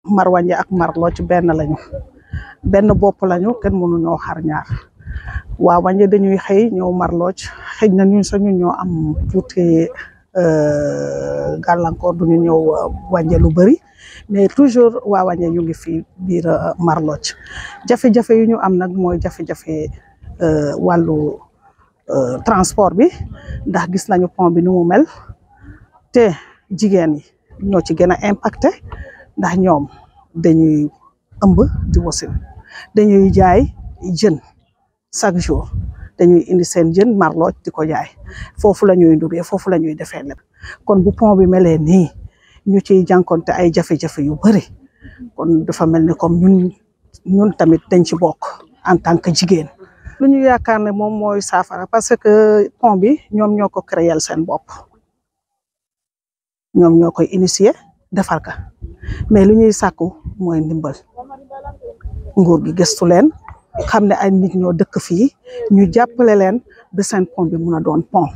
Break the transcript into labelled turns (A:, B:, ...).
A: Marwanya ak marlo ci ben lañu ben bop lañu ken mënu ñoo xar ñaar wa wanje dañuy xëy marlo ci xej na ñun sañu ñoo am tuuti euh, gàllankoor duñu ñëw euh, wanje lu bari mais toujours wa wanje ñu ngi fi euh, marlo ci jafe-jafe yu ñu am moy jafé jafe-jafe walu transport bi ndax gis nañu pont bi nu mu mel te jigen yi ñoo ci gëna impacté ndax ñoom dañuy ëmb di wasin dañuy jaay jën chaque jour dañuy indi seen jën marlooj di ko jaay foofu la ñuy ndugee foofu la ñuy defee kon bu pont bi melee nii ñu ciy jànkonte ay jafe-jafe yu bëri kon dafa mel ni comme ñun tamit dañ ci bokk en tant que jigéen lu ñuy yaakaar ne moom mooy saafara parce que pont bi ñoom ñoo ko créer seen bopp ñoom ñoo koy initier defar ka mais lu ñuy sàkku mooy ndimbal nguur gi gëstu leen xam ne ay nit ñoo dëkk fii ñu jàppale leen ba seen pont bi mun a doon pont